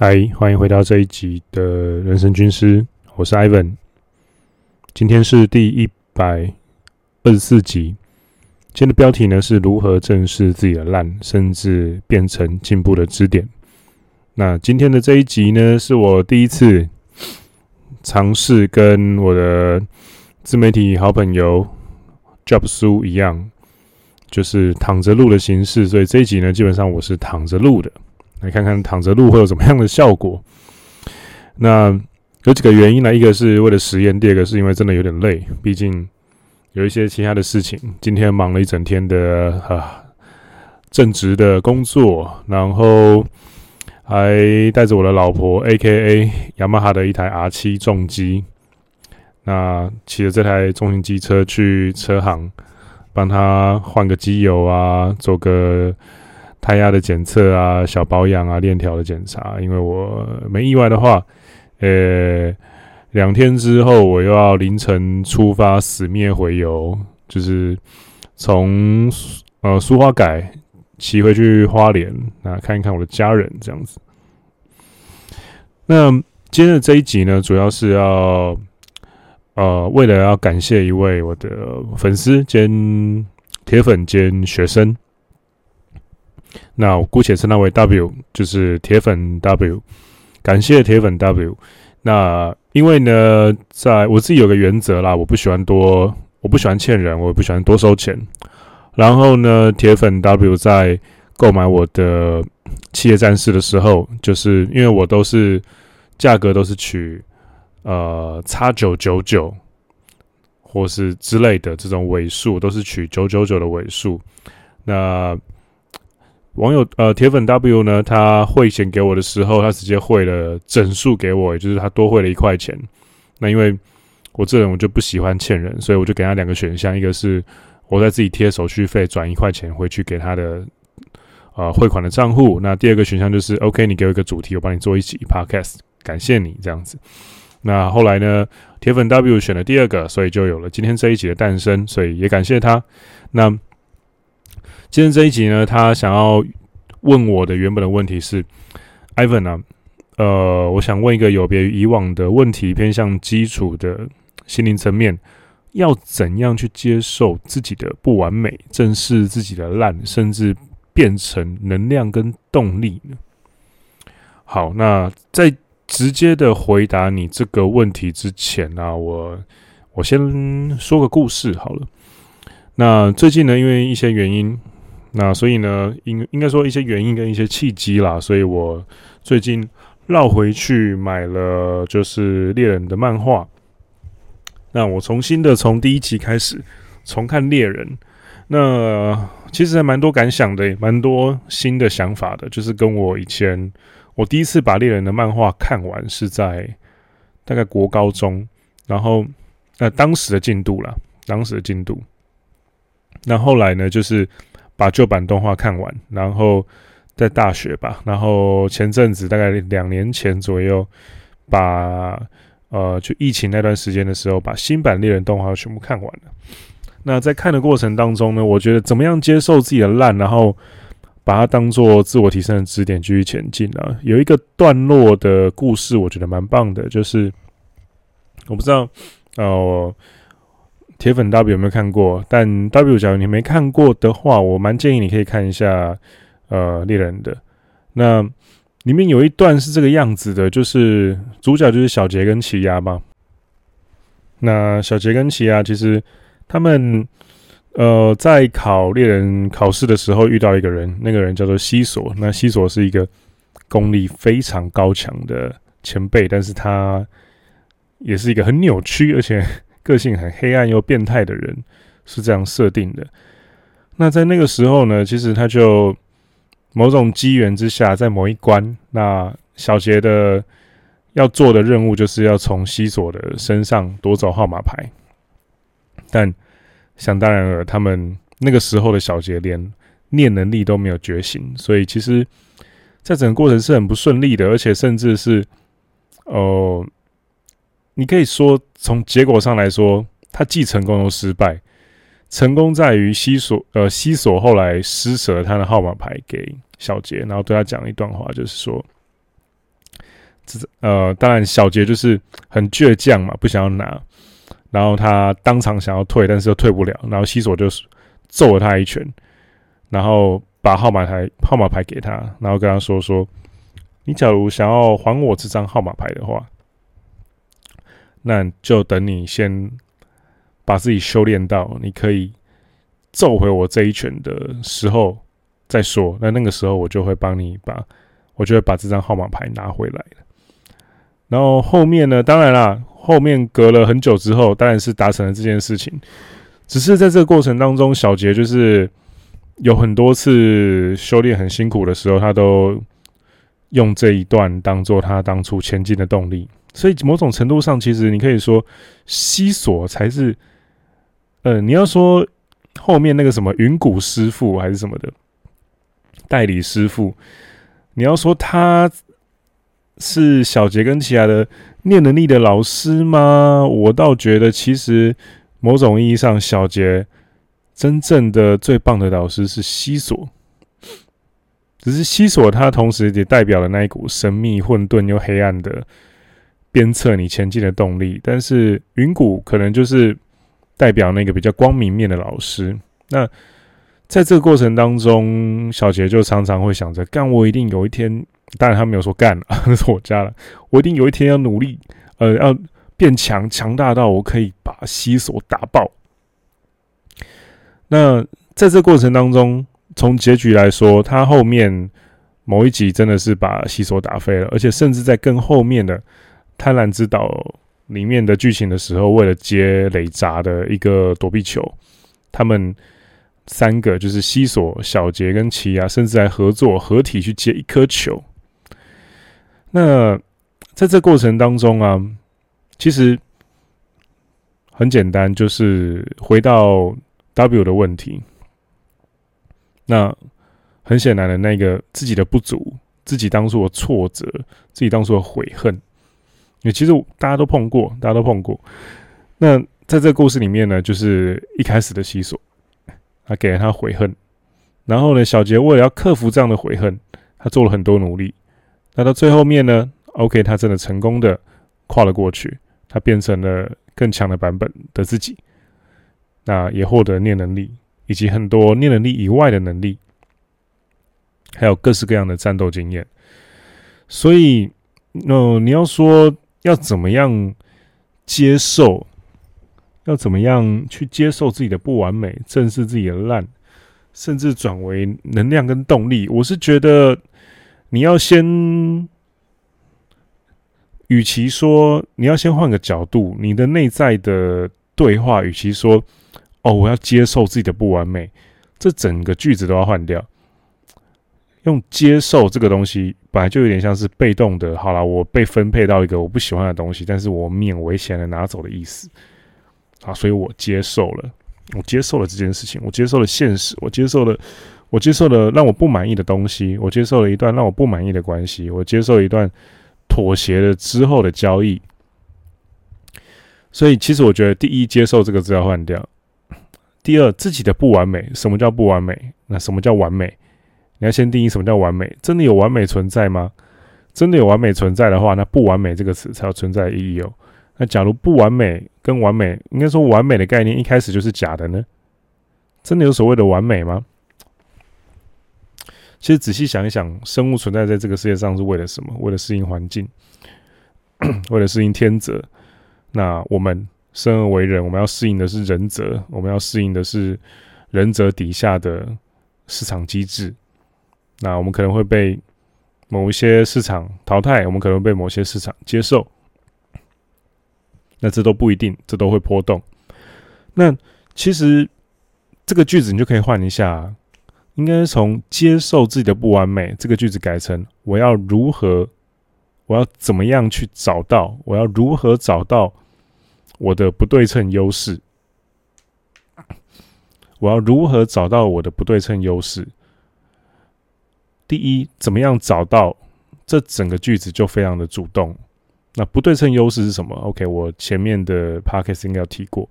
嗨，Hi, 歡迎回到這一集的人生軍師，我是 Ivan。今天是第一百二十四集，今天的標題呢是如何正視自己的爛，甚至變成進步的支點。那今天的這一集呢，是我第一次嘗試跟我的自媒體好朋友 Job Sue 一樣，就是躺着錄的形式，所以這一集呢，基本上我是躺着錄的。來看看躺着錄會有怎麼樣的效果。那有幾個原因呢？一個是為了實驗，第二個是因為真的有點累，畢竟有一些其他的事情。今天忙了一整天的啊，正職的工作，然後還帶着我的老婆 （AKA Yamaha） 的一台 R7 重機，那騎着這台重型機車去車行，幫他換個機油啊，做個。胎壓的檢測啊，小保養啊，鏈條的檢查。因為我沒意外的話，呃、欸，兩天之後我又要凌晨出發，死滅回游，就是從呃蘇花改騎回去花蓮，啊，看一看我的家人這樣子。那今天的這一集呢，主要是要呃，為了要感謝一位我的粉絲兼鐵粉兼學生。那我姑且稱它為 W，就是鐵粉 W，感謝鐵粉 W。那因為呢，在我自己有個原則啦，我不喜歡多，我不喜歡欠人，我不喜歡多收錢。然後呢，鐵粉 W 在購買我的《企業戰士》的時候，就是因為我都是價格都是取呃，叉九九九，或是之類的這種尾數，都是取九九九的尾數。那網友呃，鐵粉 W 呢，他匯錢給我的時候，他直接匯了整數給我，也就是他多匯了一塊錢。那因為我這人我就不喜歡欠人，所以我就給他兩個選項：一個是我在自己貼手續費轉一塊錢回去給他的呃匯款的賬戶；那第二個選項就是 OK，你給我一個主題，我幫你做一集 Podcast，感謝你這樣子。那後來呢，鐵粉 W 選了第二個，所以就有了今天這一集的誕生。所以也感謝他。那，今天這一集呢，他想要問我的原本的問題是，IVEN 啊，呃，我想問一個有別於以往的問題，偏向基礎的心靈層面，要怎樣去接受自己的不完美，正視自己的爛，甚至變成能量跟動力呢？好，那在直接的回答你這個問題之前呢，啊，我我先說個故事好了。那最近呢，因為一些原因。那所以呢，應應該說一些原因跟一些契機啦，所以我最近繞回去買了就是《獵人》的漫畫。那我重新的從第一集開始重看《獵人》，那其實還蠻多感想的、欸，蠻多新的想法的。就是跟我以前我第一次把《獵人》的漫畫看完是在大概國高中，然後那、呃、當時的進度啦，當時的進度。那後來呢，就是。把舊版動畫看完，然後在大學吧，然後前陣子大概兩年前左右把，把呃，就疫情那段時間的時候，把新版獵人動畫全部看完了。那在看的過程當中呢，我覺得怎麼樣接受自己的爛，然後把它當做自我提升的支點繼續前進呢、啊？有一個段落的故事，我覺得蠻棒的，就是我不知道哦。呃鐵粉 W 有沒有看過？但 W，假如你沒看過的話，我蠻建議你可以看一下，呃，獵人的那裡面有一段是這個樣子的，就是主角就是小傑跟奇犽嘛。那小傑跟奇犽其實他們呃在考獵人考試的時候遇到一個人，那個人叫做西索。那西索是一個功力非常高強的前輩，但是他也是一個很扭曲，而且，個性很黑暗又變態的人，是這樣設定的。那在那個時候呢，其實他就某種機緣之下，在某一關，那小傑的要做的任務就是要從西索的身上奪走號碼牌。但想當然了，他們那個時候的小傑連念能力都沒有覺醒，所以其實在整個過程是很不順利的，而且甚至是哦。呃你可以說，從結果上來說，他既成功又失敗。成功在於西索，呃，西索後來施舍了他的號碼牌給小杰，然後對他講了一段話，就是說，這呃，當然小杰就是很倔強嘛，不想要拿。然後他當場想要退，但是又退不了。然後西索就揍了他一拳，然後把號碼牌號碼牌給他，然後跟他說說，你假如想要還我這張號碼牌的話。那就等你先把自己修煉到你可以揍回我這一拳的時候再說。那那個時候，我就會幫你把，我就會把這張號碼牌拿回來。然後後面呢？當然啦，後面隔了很久之後，當然是達成了這件事情。只是在這個過程當中，小杰就是有很多次修煉很辛苦的時候，他都。用這一段當做他當初前進的動力，所以某種程度上，其實你可以說西索才是，呃，你要說後面那個什麼雲谷師傅還是什麼的代理師傅，你要說他是小傑跟其他的念能力的老師嗎？我倒覺得，其實某種意義上，小傑真正的最棒的老師是西索。只是西索，它同時也代表了那一股神秘、混沌又黑暗的鞭策你前進的動力。但是雲谷可能就是代表那個比較光明面的老師。那在這個過程當中，小杰就常常會想着：幹我一定有一天，當然他沒有說幹啊，那是我家了。我一定有一天要努力，呃，要變強，強大到我可以把西索打爆。那在這過程當中。從結局來說，他後面某一集真的是把西索打飛了，而且甚至在更後面的《貪婪之島》裡面的劇情的時候，為了接雷札的一個躲避球，他們三個就是西索、小杰跟奇犽，甚至在合作合體去接一顆球。那在這過程當中啊，其實很簡單，就是回到 W 的問題。那很顯然的，那個自己的不足，自己當初的挫折，自己當初的悔恨，因其實大家都碰過，大家都碰過。那在這個故事裡面呢，就是一開始的西索，他給了他悔恨。然後呢，小杰為了要克服這樣的悔恨，他做了很多努力。那到最後面呢，OK，他真的成功的跨了過去，他變成了更強的版本的自己，那也獲得念能力。以及很多念能力以外的能力，還有各式各樣的戰鬥經驗，所以，嗯、呃，你要說要怎麼樣接受，要怎麼樣去接受自己的不完美，正視自己的爛，甚至轉為能量跟動力，我是覺得你要先，與其說你要先換個角度，你的內在的對話，與其說。哦，我要接受自己的不完美，這整個句子都要換掉。用“接受”這個東西本來就有點像是被動的，好啦，我被分配到一個我不喜歡的東西，但是我勉為其難的拿走的意思啊，所以我接受了，我接受了這件事情，我接受了現實，我接受了，我接受了讓我不滿意的東西，我接受了一段讓我不滿意的關係，我接受一段妥協了之後的交易。所以，其實我覺得第一“接受”這個字要換掉。第二，自己的不完美。什麼叫不完美？那什麼叫完美？你要先定義什麼叫完美。真的有完美存在嗎？真的有完美存在的話，那不完美這個詞才有存在的意義哦。那假如不完美跟完美，應該說完美的概念一開始就是假的呢？真的有所謂的完美嗎？其實仔細想一想，生物存在在這個世界上是為了什麼？為了適應環境， 為了適應天擇。那我們。生而為人，我們要適應的是人則，我們要適應的是人則底下的市場機制。那我們可能會被某一些市場淘汰，我們可能被某些市場接受。那這都不一定，這都會波動。那其實這個句子你就可以換一下，應該是從接受自己的不完美這個句子改成：我要如何，我要怎麼樣去找到，我要如何找到。我的不對稱優勢，我要如何找到我的不對稱優勢？第一，怎麼樣找到，這整個句子就非常的主動。那不對稱優勢是什麼？OK，我前面的 podcast 應該提過，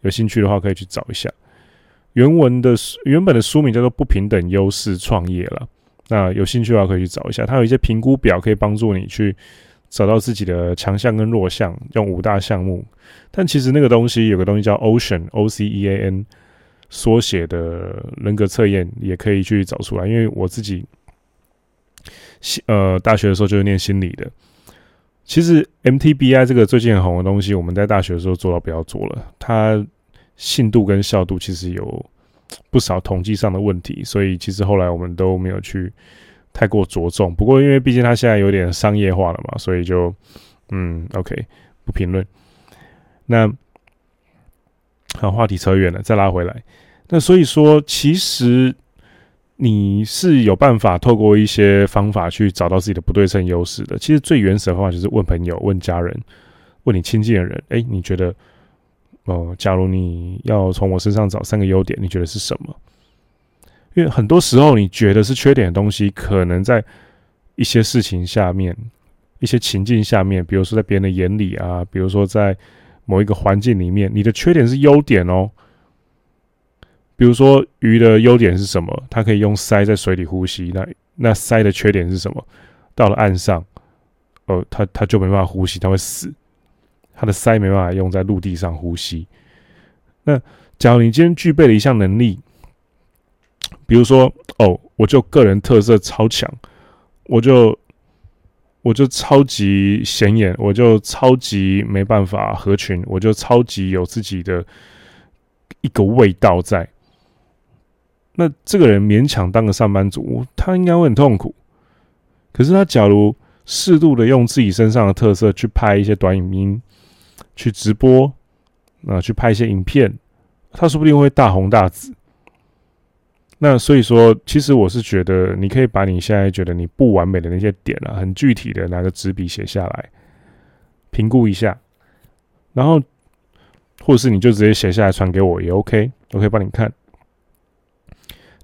有興趣的話可以去找一下原文的原本的書名叫做《不平等優勢創業》了。那有興趣的話可以去找一下，它有一些評估表可以幫助你去。找到自己的強項跟弱項，用五大項目。但其實那個東西有個東西叫 Ocean（O C E A N） 縮寫的人格測驗，也可以去找出來。因為我自己心呃大學的時候就是念心理的。其實 MTBI 這個最近很紅的東西，我們在大學的時候做到不要做了。它信度跟效度其實有不少統計上的問題，所以其實後來我們都沒有去太過着重，不過因為畢竟他現在有點商業化了嘛，所以就嗯，OK，不評論。那好，話題扯遠了，再拉回來。那所以說，其實你是有辦法透過一些方法去找到自己的不對稱優勢的。其實最原始的方法就是問朋友、問家人、問你親近的人。哎、欸，你覺得哦？假如你要從我身上找三個優點，你覺得是什麼？因為很多時候，你覺得是缺點的東西，可能在一些事情下面、一些情境下面，比如說在別人的眼裡啊，比如說在某一個環境裡面，你的缺點是優點哦。比如說魚的優點是什麼？它可以用鰓在水裡呼吸。那那鰓的缺點是什麼？到了岸上，呃，它它就沒辦法呼吸，它會死。它的鰓沒辦法用在陸地上呼吸。那假如你今天具備了一項能力？比如說，哦，我就個人特色超強，我就我就超級顯眼，我就超級沒辦法合群，我就超級有自己的一個味道在。那這個人勉強當個上班族，他應該會很痛苦。可是他假如適度的用自己身上的特色去拍一些短影音，去直播，啊，去拍一些影片，他說不定會大紅大紫。那所以說，其實我是覺得，你可以把你現在覺得你不完美的那些點啊，很具體的拿個紙筆寫下來，評估一下，然後，或者是你就直接寫下來傳給我也 OK，我可以幫你看。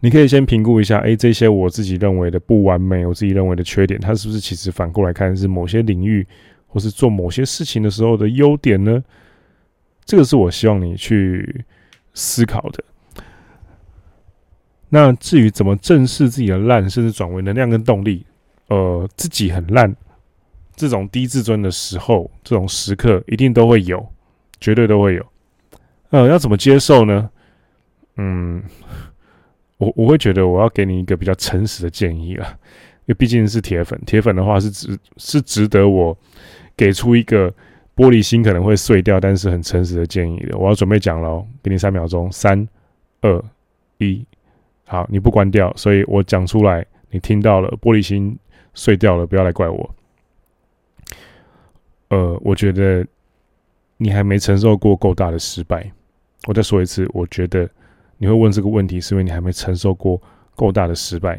你可以先評估一下，哎、欸，這些我自己認為的不完美，我自己認為的缺點，它是不是其實反過來看是某些領域，或是做某些事情的時候的優點呢？這個是我希望你去思考的。那至於怎麼正視自己的爛，甚至轉為能量跟動力，呃，自己很爛，這種低自尊的時候，這種時刻一定都會有，絕對都會有。呃，要怎麼接受呢？嗯，我我會覺得我要給你一個比較誠實的建議了，因為畢竟是鐵粉，鐵粉的話是值是值得我給出一個玻璃心可能會碎掉，但是很誠實的建議的。我要準備講囉，給你三秒鐘，三、二、一。好，你不關掉，所以我講出來，你聽到了，玻璃心碎掉了，不要來怪我。呃，我覺得你還沒承受過夠大的失敗。我再說一次，我覺得你會問這個問題，是因為你還沒承受過夠大的失敗。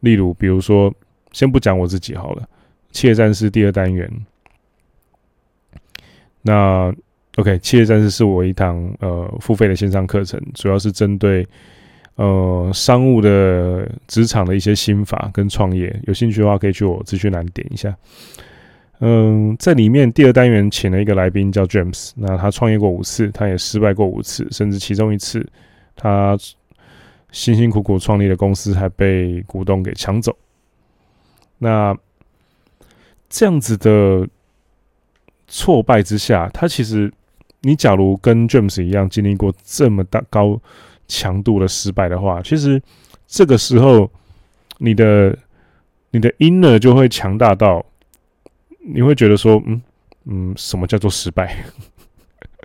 例如，比如說，先不講我自己好了，《企業戰士》第二單元。那 OK，《企業戰士》是我一堂呃付費的線上課程，主要是針對。呃，商務的職場的一些心法跟創業，有興趣的話可以去我資訊欄點一下。嗯，在裡面第二單元請了一個來賓叫 James，那他創業過五次，他也失敗過五次，甚至其中一次他辛辛苦苦創立的公司還被股東給搶走。那這樣子的挫敗之下，他其實你假如跟 James 一樣經歷過這麼大高。強度的失敗的話，其實這個時候，你的你的 inner 就會強大到，你會覺得說，嗯嗯，什麼叫做失敗？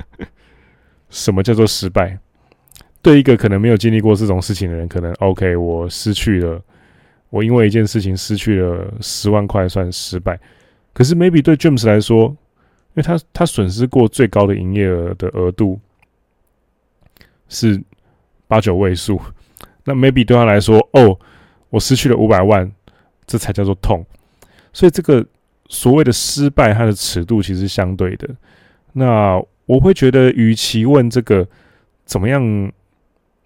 什麼叫做失敗？對一個可能沒有經歷過這種事情的人，可能 OK，我失去了，我因為一件事情失去了十萬塊，算失敗。可是 maybe 對 James 來說，因為他他損失過最高的營業額的額度是。八九位數，那 maybe 對他來說，哦，我失去了五百萬，這才叫做痛。所以這個所謂的失敗，它的尺度其實相對的。那我會覺得，與其問這個怎麼樣，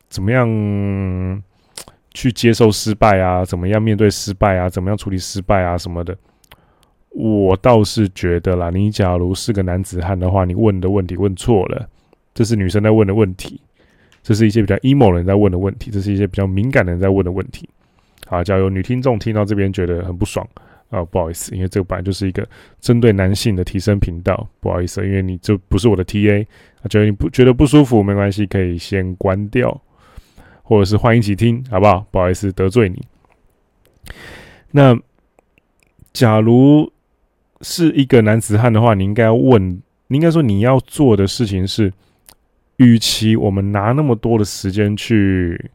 怎麼樣去接受失敗啊，怎麼樣面對失敗啊，怎麼樣處理失敗啊什麼的，我倒是覺得啦，你假如是個男子漢的話，你問的問題問錯了，這是女生在問的問題。這是一些比較 emo 的人在問的問題，這是一些比較敏感的人在問的問題。好，假如女聽眾聽到這邊覺得很不爽，啊，不好意思，因為這個本來就是一個針對男性的提升頻道，不好意思，因為你這不是我的 TA，啊，覺得你不覺得不舒服沒關係，可以先關掉，或者是換一集聽，好不好？不好意思，得罪你。那假如是一個男子漢的話，你應該要問，你應該說你要做的事情是。與其我們拿那麼多的時間去，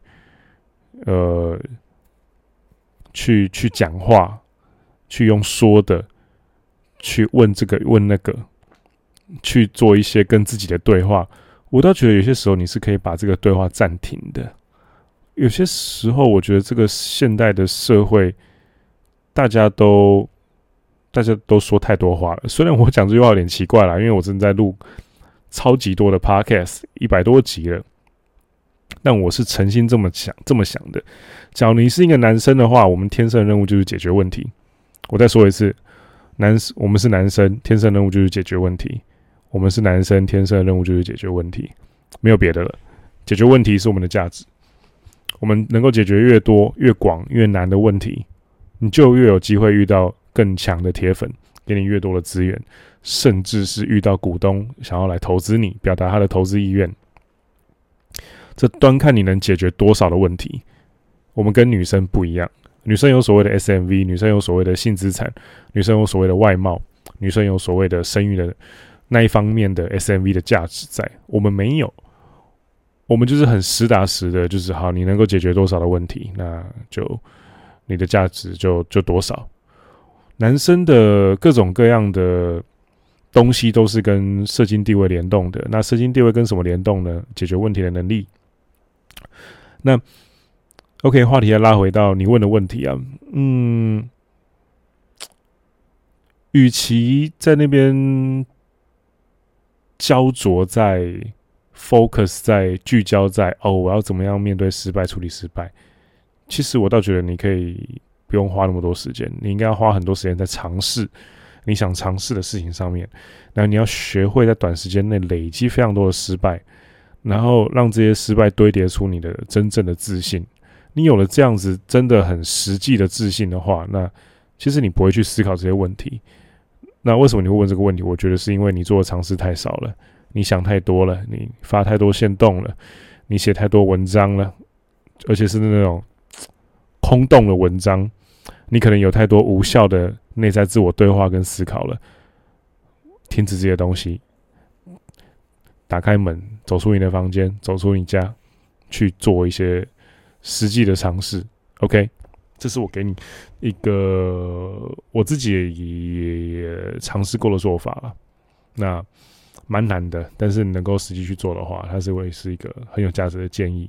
呃，去去講話，去用說的去問這個問那個，去做一些跟自己的對話，我倒覺得有些時候你是可以把這個對話暫停的。有些時候，我覺得這個現代的社會，大家都大家都說太多話了。雖然我講這句話有點奇怪啦，因為我正在錄。超級多的 podcast，一百多集了。但我是誠心這麼想，這麼想的。只要你是一個男生的話，我們天生的任務就是解決問題。我再說一次，男，我們是男生，天生的任務就是解決問題。我們是男生，天生的任務就是解決問題，沒有別的了。解決問題是我們的價值。我們能夠解決越多、越廣、越難的問題，你就越有機會遇到更強的鐵粉，給你越多的資源，甚至是遇到股東想要來投資你，表達他的投資意願，這端看你能解決多少的問題。我們跟女生不一樣，女生有所謂的 SMV，女生有所謂的性資產，女生有所謂的外貌，女生有所謂的生育的那一方面的 SMV 的價值在，我們沒有，我們就是很實打實的，就是好，你能夠解決多少的問題，那就你的價值就就多少。男生的各種各樣的東西都是跟社經地位聯動的。那社經地位跟什麼聯動呢？解決問題的能力。那 OK，話題要拉回到你問的問題啊，嗯，與其在那邊焦灼在 focus 在聚焦在哦，我要怎麼樣面對失敗、處理失敗，其實我倒覺得你可以。不用花那麼多時間，你應該要花很多時間在嘗試你想嘗試的事情上面。然後你要學會在短時間內累積非常多的失敗，然後讓這些失敗堆疊出你的真正的自信。你有了這樣子真的很實際的自信的話，那其實你不會去思考這些問題。那為什麼你會問這個問題？我覺得是因為你做的嘗試太少了，你想太多了，你發太多限動了，你寫太多文章了，而且是那種空洞的文章。你可能有太多無效的內在自我對話跟思考了。停止這些東西，打開門，走出你的房間，走出你家，去做一些實際的嘗試。OK，這是我給你一個我自己也嘗試過的做法了。那蠻難的，但是你能夠實際去做的話，它是會是一個很有價值的建議。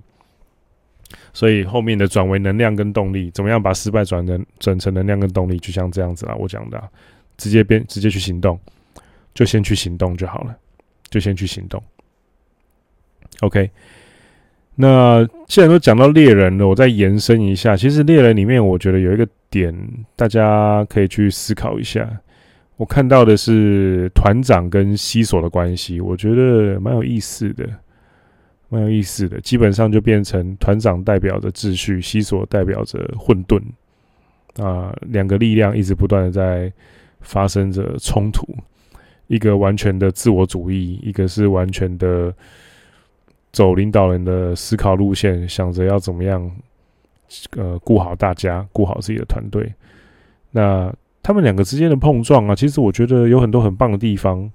所以後面的轉為能量跟動力，怎麼樣把失敗轉成轉成能量跟動力？就像這樣子啦，我講的、啊，直接變直接去行動，就先去行動就好了，就先去行動。OK，那既然都講到獵人了，我再延伸一下，其實獵人裡面我覺得有一個點，大家可以去思考一下。我看到的是團長跟西索的關係，我覺得蠻有意思的。蠻有意思的，基本上就變成團長代表着秩序，西索代表着混沌啊，兩個力量一直不斷的在發生着衝突。一個完全的自我主義，一個是完全的走領導人的思考路線，想着要怎麼樣呃顧好大家，顧好自己的團隊。那他們兩個之間的碰撞啊，其實我覺得有很多很棒的地方。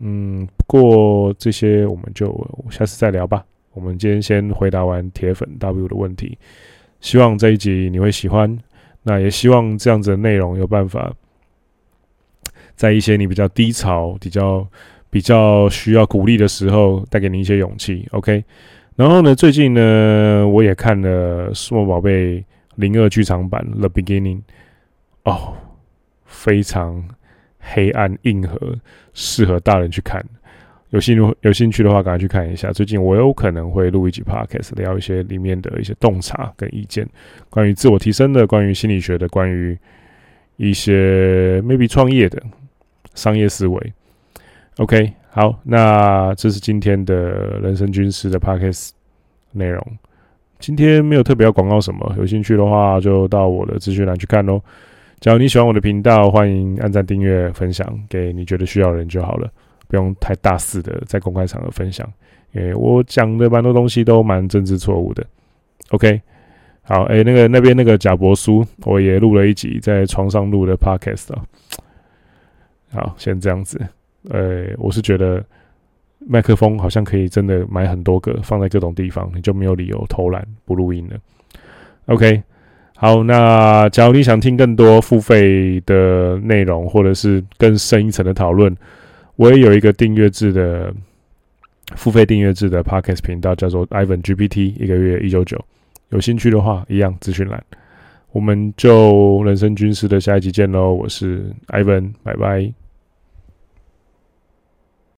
嗯，不過這些我們就我下次再聊吧。我們今天先回答完鐵粉 W 的問題，希望這一集你會喜歡。那也希望這樣子的內容有辦法在一些你比較低潮、比較比較需要鼓勵的時候，帶給你一些勇氣。OK。然後呢，最近呢，我也看了《數碼寶貝零二劇場版》The Beginning，哦，非常。黑暗硬核，適合大人去看。有興趣有興趣的話，趕快去看一下。最近我有可能會錄一集 podcast，聊一些裡面的一些洞察跟意見，關於自我提升的，關於心理學的，關於一些 maybe 創業的商業思維。OK，好，那這是今天的人生軍師的 podcast 內容。今天沒有特別要廣告什麼，有興趣的話就到我的資訊欄去看咯。假如你喜歡我的頻道，歡迎按贊、訂閱、分享給你覺得需要的人就好了，不用太大肆的在公開場合分享。哎、欸，我講的蠻多東西都蠻政治錯誤的。OK，好，哎、欸，那個那邊那個賈伯蘇，我也錄了一集在床上錄的 Podcast。好，先這樣子。欸、我是覺得麥克風好像可以真的買很多個，放在各種地方，你就沒有理由偷懶不錄音了。OK。好，那假如你想聽更多付費的內容，或者是更深一層的討論，我也有一個訂閱制的付費訂閱制的 Podcast 頻道，叫做 IVEN_GPT，一個月一九九，有興趣的話，一樣資訊欄，我們就人生軍事的下一集見嘍，我是 IVEN，拜拜。